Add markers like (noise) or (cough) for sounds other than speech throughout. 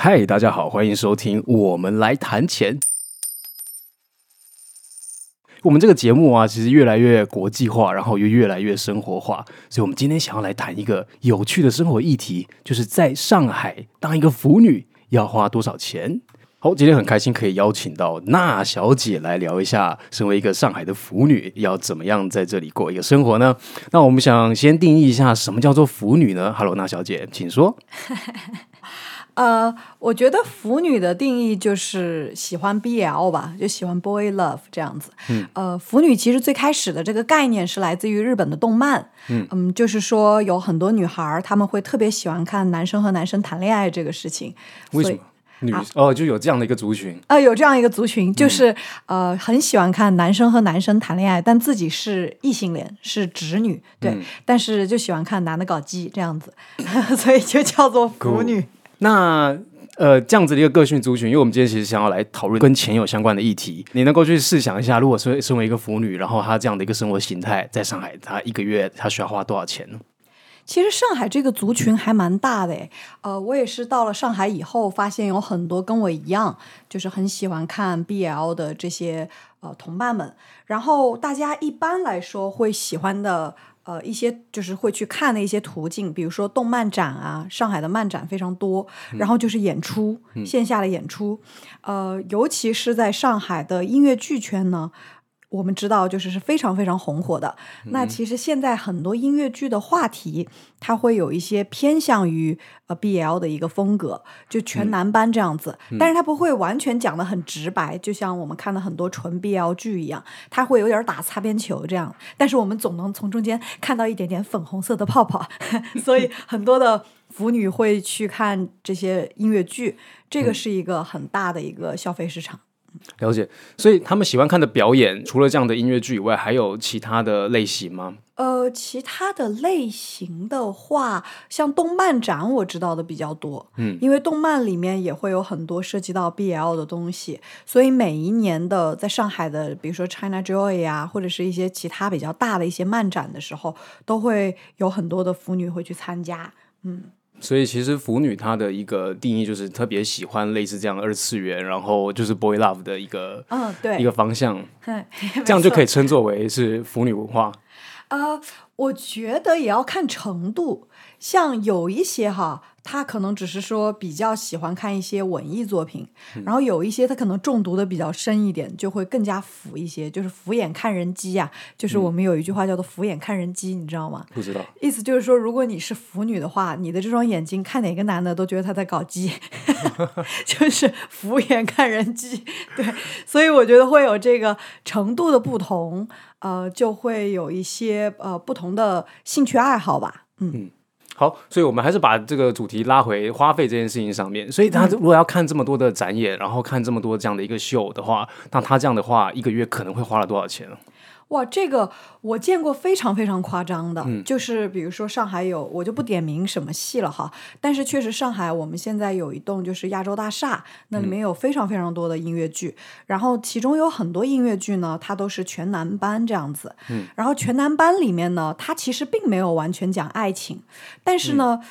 嗨，大家好，歡迎收聽我們來談錢。我們這個節目啊，其實越來越國際化，然後又越來越生活化，所以我們今天想要來談一個有趣的生活議題，就是在上海當一個腐女要花多少錢。好，今天很開心可以邀請到娜小姐來聊一下，身為一個上海的腐女，要怎麼樣在這裡過一個生活呢？那我們想先定義一下，什麼叫做腐女呢？哈嘍，娜小姐，請說。 (laughs) 呃，我覺得腐女的定義就是喜歡 BL 吧，就喜歡 boy love 這樣子。嗯，呃，腐女其實最開始的這個概念是來自於日本的動漫。嗯，嗯，就是說有很多女孩她們會特別喜歡看男生和男生談戀愛這個事情。為什麼？女、啊、哦，就有這樣的一個族群。呃，有這樣一個族群，就是、嗯、呃，很喜歡看男生和男生談戀愛，但自己是異性戀，是直女，對、嗯，但是就喜歡看男的搞基這樣子， (laughs) 所以就叫做腐女。Go. 那呃，這樣子的一個個性族群，因為我們今天其實想要來討論跟錢有相關的議題。你能夠去試想一下，如果是身為一個腐女，然後她這樣的一個生活形態，在上海，她一個月她需要花多少錢呢？其實上海這個族群還蠻大的欸，呃，我也是到了上海以後，發現有很多跟我一樣，就是很喜歡看 BL 的這些呃同伴們。然後大家一般來說會喜歡的。呃，一些就是會去看的一些途徑，比如說動漫展啊，上海的漫展非常多，嗯、然後就是演出，線下的演出、嗯，呃，尤其是在上海的音樂劇圈呢，我們知道，就是是非常非常紅火的。那其實現在很多音樂劇的話題，它會有一些偏向於呃 BL 的一個風格，就全男班這樣子。嗯嗯、但是它不會完全講的很直白，就像我們看的很多純 BL 劇一樣，它會有點打擦邊球這樣。但是我們總能從中間看到一點點粉紅色的泡泡，嗯、 (laughs) 所以很多的腐女會去看這些音樂劇，這個是一個很大的一個消費市場。了解，所以他們喜歡看的表演，除了這樣的音樂劇以外，還有其他的類型嗎？呃，其他的類型的話，像動漫展，我知道的比較多。嗯，因為動漫裡面也會有很多涉及到 BL 的東西，所以每一年的在上海的，比如說 China Joy 啊，或者是一些其他比較大的一些漫展的時候，都會有很多的腐女會去參加。嗯。所以其實腐女她的一個定義就是特別喜歡類似這樣二次元，然後就是 boy love 的一個，嗯，一個方向，嗯，這樣就可以稱作為是腐女文化。嗯。我覺得也要看程度，像有一些哈，他可能只是說比較喜歡看一些文藝作品，嗯、然後有一些他可能中毒的比較深一點，就會更加腐一些，就是腐眼看人基呀、啊，就是我們有一句話叫做腐眼看人基、嗯，你知道嗎？不知道。意思就是說，如果你是腐女的話，你的這雙眼睛看哪個男的都覺得他在搞基， (laughs) 就是腐眼看人基。對，所以我覺得會有這個程度的不同，呃，就會有一些呃不同。的興趣愛好吧，嗯，嗯，好，所以我們還是把這個主題拉回花費這件事情上面。所以他如果要看這麼多的展演，然後看這麼多這樣的一個秀的話，那他這樣的話一個月可能會花了多少錢呢？哇，這個我見過非常非常誇張的、嗯，就是比如說上海有，我就不點名什麼戲了哈，但是確實上海我們現在有一棟就是亞洲大廈，那裡面有非常非常多的音樂劇、嗯，然後其中有很多音樂劇呢，它都是全男班這樣子、嗯，然後全男班裡面呢，它其實並沒有完全講愛情，但是呢，嗯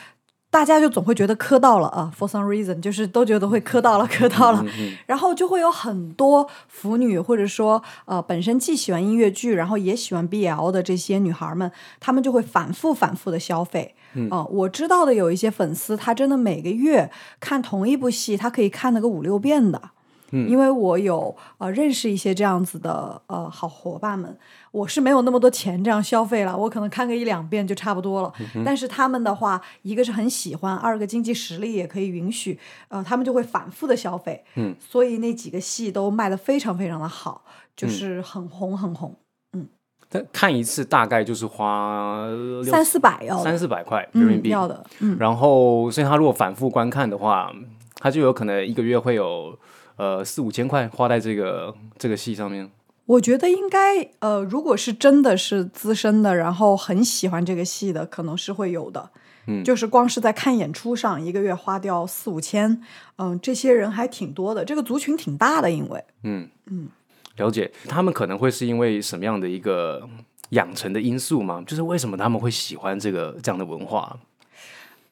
大家就總會覺得磕到了啊，for some reason，就是都覺得會磕到了，磕到了，然後就會有很多腐女或者說呃本身既喜歡音樂劇，然後也喜歡 BL 的這些女孩們，她們就會反覆反覆的消費哦，呃，我知道的有一些粉絲，她真的每個月看同一部戲，她可以看那個五六遍的。因為我有呃認識一些這樣子的呃好夥伴們，我是沒有那麼多錢這樣消費了，我可能看個一兩遍就差不多了，嗯。但是他們的話，一個是很喜歡，二個經濟實力也可以允許，呃，他們就會反覆的消費。嗯，所以那幾個戲都賣得非常非常的好，就是很紅很紅。嗯，嗯，但看一次大概就是花三四百，要三四百塊人民幣。嗯，要的，嗯。然後所以他如果反覆觀看的話，他就有可能一個月會有，呃，四五千塊花在這個這個戲上面，我覺得應該呃，如果是真的是資深的，然後很喜歡這個戲的，可能是會有的。嗯，就是光是在看演出上，一個月花掉四五千，嗯、呃，這些人還挺多的，這個族群挺大的，因為，嗯嗯，了解他們可能會是因為什麼樣的一個養成的因素嗎？就是為什麼他們會喜歡這個這樣的文化？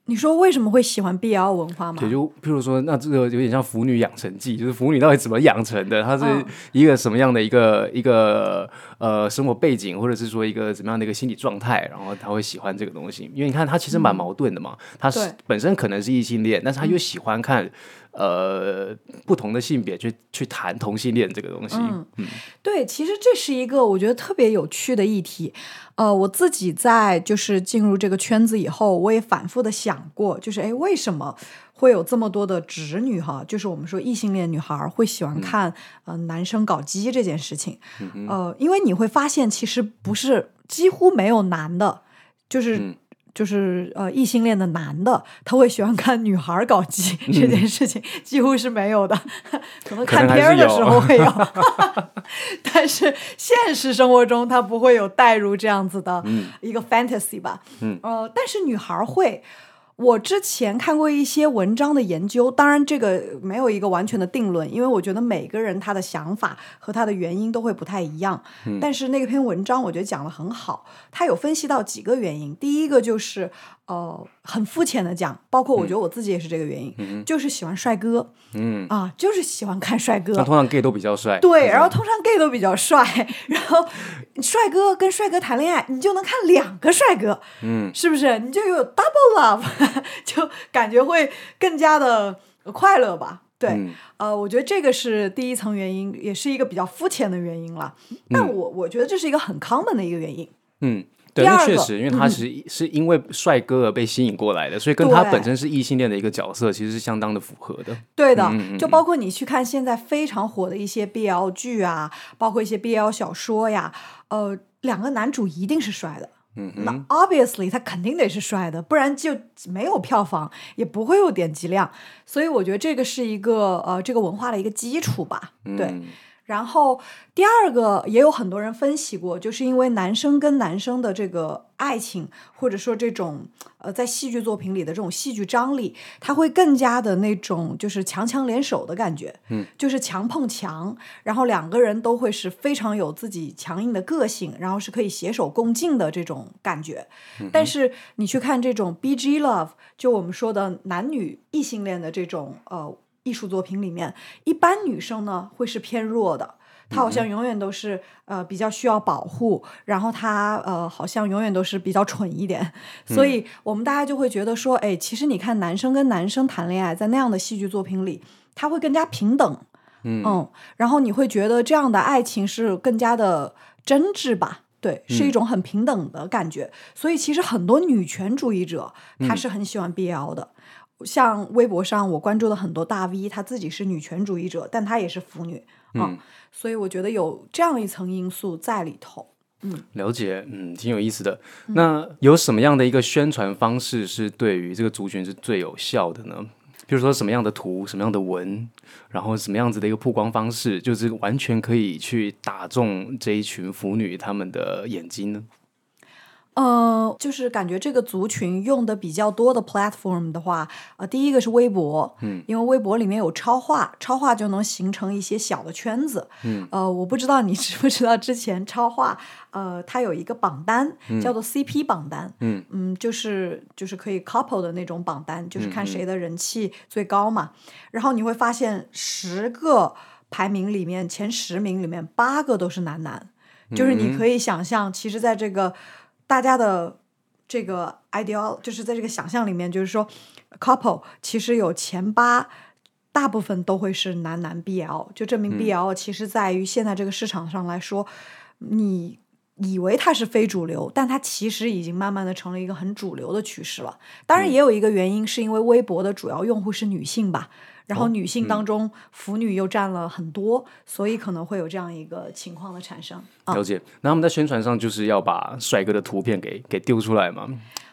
你說為什麼會喜歡 BL 文化嗎？也就譬如說，那這個有點像腐女養成記，就是腐女到底怎麼養成的？她是一個什麼樣的一個、嗯、一個？呃，生活背景，或者是說一個怎麼樣的一個心理狀態，然後他會喜歡這個東西，因為你看他其實蠻矛盾的嘛，嗯，他是本身可能是異性戀，但是他又喜歡看呃不同的性別去去談同性戀這個東西，嗯嗯。對，其實這是一個我覺得特別有趣的議題。呃，我自己在就是進入這個圈子以後，我也反覆的想過，就是哎，為什麼？會有這麼多的直女哈，就是我們說異性戀女孩會喜歡看，嗯、呃男生搞基這件事情，嗯嗯，呃，因為你會發現其實不是幾乎沒有男的，就是、嗯、就是呃異性戀的男的他會喜歡看女孩搞基，嗯、這件事情幾乎是沒有的，嗯、可能看片兒的時候會有，是有 (laughs) (laughs) 但是現實生活中他不會有帶入這樣子的一個 fantasy 吧，嗯嗯、呃，但是女孩會。我之前看過一些文章的研究，當然這個沒有一個完全的定論，因為我覺得每個人他的想法和他的原因都會不太一樣。但是那篇文章我覺得講得很好，他、嗯、有分析到幾個原因。第一個就是，哦、呃，很膚淺的講，包括我覺得我自己也是這個原因，嗯、就是喜歡帥哥，嗯啊，就是喜歡看帥哥。他通常 gay 都比較帥，對，然後通常 gay 都比較帥，然後帥哥跟帥哥談戀愛，你就能看兩個帥哥，嗯，是不是？你就有 double love。 (laughs) 就感覺會更加的快樂吧，對、嗯，呃，我覺得這個是第一層原因，也是一個比較膚淺的原因了。但我、嗯、我覺得這是一個很 common 的一個原因。嗯，對，第二個確實，因為他是、嗯、是因為帥哥而被吸引過來的，所以跟他本身是異性戀的一個角色，其實是相當的符合的。對的、嗯，就包括你去看現在非常火的一些 BL 劇啊，包括一些 BL 小說呀，呃，兩個男主一定是帥的。Mm -hmm. 那 obviously 他肯定得是帥的，不然就沒有票房，也不會有點擊量。所以我覺得這個是一個呃這個文化的一個基礎吧，mm -hmm. 對。然後第二個也有很多人分析過，就是因為男生跟男生的這個愛情，或者說這種呃在戲劇作品裡的這種戲劇張力，它會更加的那種就是強強聯手的感覺，嗯，就是強碰強，然後兩個人都會是非常有自己強硬的個性，然後是可以攜手共進的這種感覺嗯嗯。但是你去看這種 BG Love，就我們說的男女異性戀的這種呃。藝術作品裡面，一般女生呢會是偏弱的，她好像永遠都是，嗯、呃比較需要保護，然後她呃好像永遠都是比較蠢一點，嗯，所以我們大家就會覺得說，誒，其實你看男生跟男生談戀愛，在那樣的戲劇作品裡，他會更加平等，嗯，嗯，然後你會覺得這樣的愛情是更加的真摯吧？對，是一種很平等的感覺。嗯、所以其實很多女權主義者，她是很喜歡 BL 的。嗯像微博上，我關注了很多大 V，她自己是女權主義者，但她也是腐女，嗯、哦，所以我覺得有這樣一層因素在裡頭。嗯，了解，嗯，挺有意思的。那有什麼樣的一個宣傳方式是對於這個族群是最有效的呢？比如說什麼樣的圖、什麼樣的文，然後什麼樣子的一個曝光方式，就是完全可以去打中這一群腐女他們的眼睛呢？呃，就是感覺這個族群用的比較多的 platform 的話，呃，第一個是微博，因為微博裡面有超話、嗯，超話就能形成一些小的圈子，嗯，呃，我不知道你知不知道之前超話，呃，它有一個榜單，嗯、叫做 CP 榜單，嗯，嗯就是就是可以 couple 的那種榜單，就是看誰的人氣最高嘛，嗯、然後你會發現十個排名裡面前十名裡面八個都是男男，就是你可以想象，其實在這個。大家的這個 ideal 就是在這個想象裡面，就是說，couple 其實有前八，大部分都會是男男 BL，就證明 BL 其實在於現在這個市場上來說，嗯、你以為它是非主流，但它其實已經慢慢的成了一個很主流的趨勢了。當然，也有一個原因、嗯、是因為微博的主要用戶是女性吧。然後女性當中、哦嗯、腐女又占了很多，所以可能會有這樣一個情況的產生。啊、了解。那我們在宣傳上就是要把帥哥的圖片給給丟出來嘛？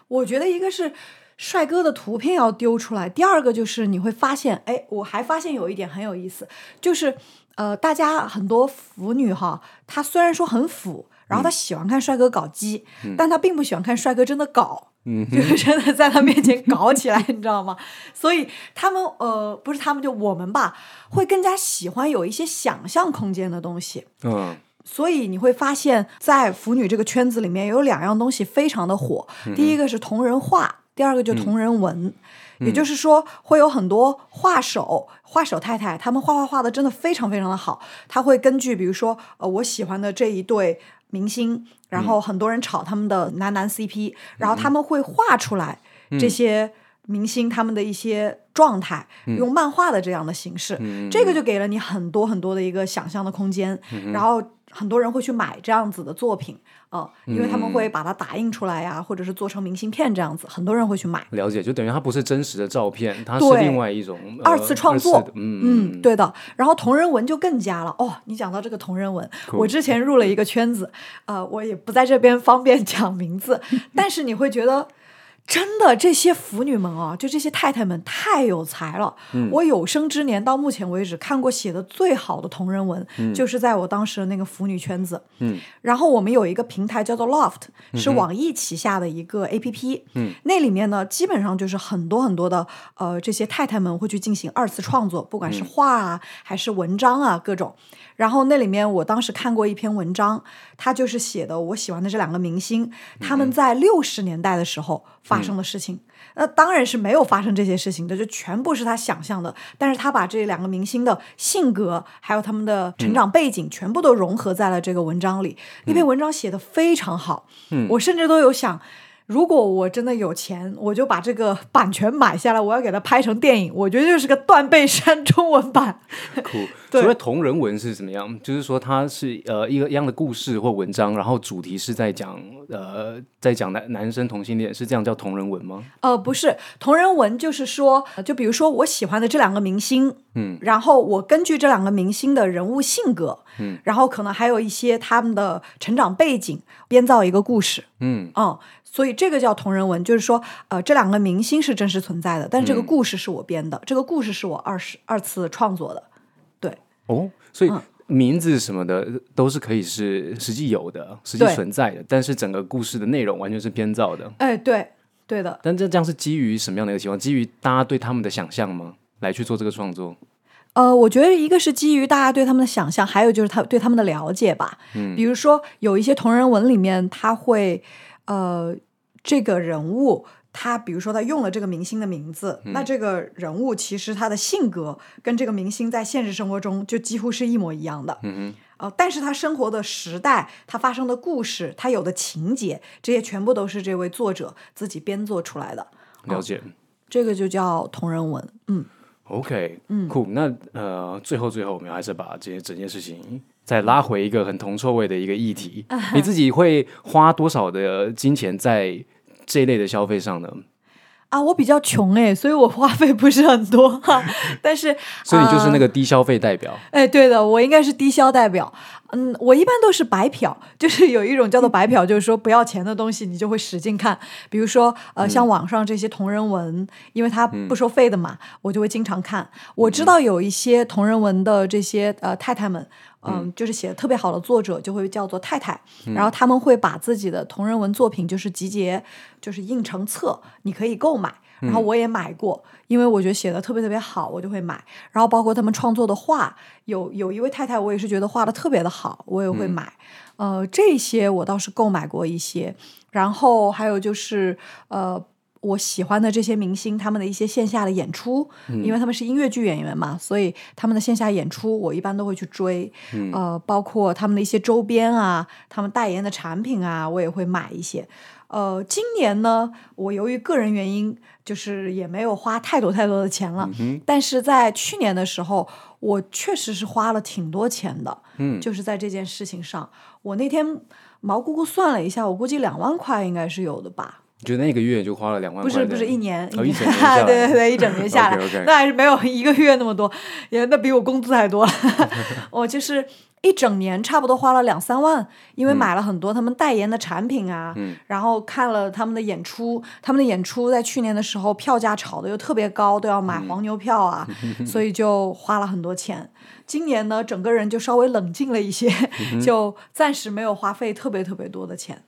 我覺得一個是帥哥的圖片要丟出來，第二個就是你會發現，誒，我還發現有一點很有意思，就是呃，大家很多腐女哈，她雖然說很腐，然後她喜歡看帥哥搞基、嗯，但她並不喜歡看帥哥真的搞。嗯， (laughs) 就真的在她面前搞起來，你知道嗎？所以他們呃，不是他們，就我們吧，會更加喜歡有一些想象空間的東西。嗯，所以你會發現在腐女這個圈子裡面有兩樣東西非常的火，第一個是同人畫，第二個就同人文。也就是說，會有很多畫手、畫手太太，他們畫，畫畫畫的真的非常非常的好。他會根據比如說呃，我喜歡的這一對。明星，然後很多人炒他們的男男 CP，嗯，然後他們會畫出來這些，嗯。嗯。明星他們的一些狀態，嗯、用漫畫的這樣的形式、嗯，這個就給了你很多很多的一個想象的空間。嗯、然後很多人會去買這樣子的作品啊、嗯呃，因為他們會把它打印出來呀，嗯、或者是做成明信片這樣子，很多人會去買。了解，就等於它不是真實的照片，它是另外一種、呃、二次創作、二次的、嗯。嗯，對的。然後同人文就更加了。哦，你講到這個同人文，我之前入了一個圈子，呃，我也不在這邊方便講名字，但是你會覺得。 (laughs) 真的，這些腐女們啊，就這些太太們太有才了、嗯。我有生之年到目前為止看過寫的最好的同人文，嗯、就是在我當時的那個腐女圈子、嗯。然後我們有一個平台叫做 Loft，是網易旗下的一個 APP、嗯。那裡面呢，基本上就是很多很多的呃，這些太太們會去進行二次創作，不管是畫啊，還是文章啊，各種。然後那裡面，我當時看過一篇文章，他就是寫的我喜歡的這兩個明星他們在六十年代的時候發生的事情。那、嗯呃、當然是沒有發生這些事情的，就全部是他想象的。但是他把這兩個明星的性格，還有他們的成長背景，全部都融合在了這個文章裡。嗯、那篇文章寫得非常好、嗯，我甚至都有想。如果我真的有錢，我就把這個版權買下來，我要給它拍成電影。我覺得就是個斷背山中文版。苦 (laughs) Cool. (laughs) 所以同人文是怎麼樣？就是說它是呃一個一樣的故事或文章，然後主題是在講呃在講男男生同性戀，是這樣叫同人文嗎？呃，不是，同人文就是說，就比如說我喜歡的這兩個明星。嗯，然後我根據這兩個明星的人物性格，嗯，然後可能還有一些他們的成長背景，編造一個故事，嗯嗯，所以這個叫同人文，就是說，呃，這兩個明星是真實存在的，但是這個故事是我編的，嗯、這個故事是我二、二次創作的，對，哦，所以名字什麼的都是可以是實際有的、實際存在的，嗯、但是整個故事的內容完全是編造的，哎，對，對的，但這將是基於什麼樣的一個情況？基於大家對他們的想象嗎？來去做這個創作，呃，我覺得一個是基於大家對他們的想象，還有就是他對他們的了解吧。嗯、比如說有一些同人文裡面，他會呃，這個人物他比如說他用了這個明星的名字，嗯，那這個人物其實他的性格跟這個明星在現實生活中就幾乎是一模一樣的。嗯，嗯、呃、但是他生活的時代，他發生的故事，他有的情節，這些全部都是這位作者自己編作出來的。了解，哦、這個就叫同人文。嗯。OK，cool，嗯，酷。那呃，最後最後，我們還是把這些整件事情再拉回一個很銅臭味的一個議題，啊。你自己會花多少的金錢在這一類的消費上呢？啊，我比較窮哎，所以我花費不是很多哈，但是 (laughs) 所以你就是那個低消費代表。哎、呃，對的，我應該是低消代表。嗯，我一般都是白嫖，就是有一種叫做白嫖，嗯、就是說不要錢的東西，你就會使勁看。比如說呃，像網上這些同人文，嗯、因為它不收費的嘛、嗯，我就會經常看。我知道有一些同人文的這些呃太太們。嗯，就是寫的特別好的作者就會叫做太太，然後他們會把自己的同人文作品就是集結，就是印成冊，你可以購買。然後我也買過，嗯、因為我覺得寫的特別特別好，我就會買。然後包括他們創作的畫，有有一位太太，我也是覺得畫的特別的好，我也會買、嗯。呃，這些我倒是購買過一些。然後還有就是呃。我喜歡的這些明星，他們的一些線下的演出，因為他們是音樂劇演員嘛，嗯、所以他們的線下演出我一般都會去追，嗯。呃，包括他們的一些周邊啊，他們代言的產品啊，我也會買一些。呃，今年呢，我由於個人原因，就是也沒有花太多太多的錢了。嗯，但是在去年的時候，我確實是花了挺多錢的。嗯，就是在這件事情上，我那天毛估估算了一下，我估計兩萬塊應該是有的吧。就那個月就花了兩萬多，不是不是一年，一整年下來，對對對一整年下來，那、 (laughs) (laughs) okay, okay. 還是沒有一個月那麼多，也那比我工資還多了。 (laughs) 我就是一整年差不多花了兩三萬，因為買了很多他們代言的產品啊，嗯、然後看了他們的演出，他們的演出在去年的時候票價炒得又特別高，都要買黃牛票啊，嗯、所以就花了很多錢。 (laughs) 今年呢，整個人就稍微冷靜了一些，嗯、就暫時沒有花費特別特別多的錢。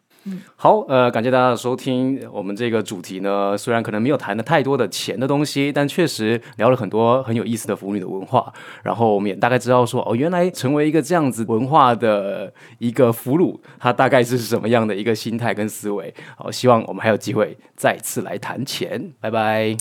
好，呃，感謝大家的收聽。我們這個主題呢，雖然可能沒有談的太多的錢的東西，但確實聊了很多很有意思的腐女的文化。然後我們也大概知道說，哦，原來成為一個這樣子文化的一個俘虜，他大概是什麼樣的一個心態跟思維。好，希望我們還有機會再次來談錢。拜拜。